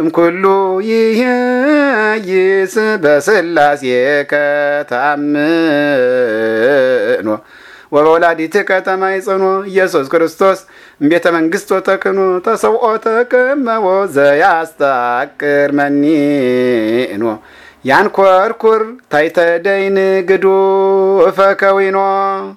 እምኩሉ ይህይስ በስላሴ ከተአምኖ ከተማ ጽኖ ኢየሱስ ክርስቶስ ቤተ መንግስቶ ተክኖ ተሰውኦ ተቅመቦ ዘያስታቅር መኒኖ ያንኰርኩር ታይተደይን ግዱ እፈከዊኖ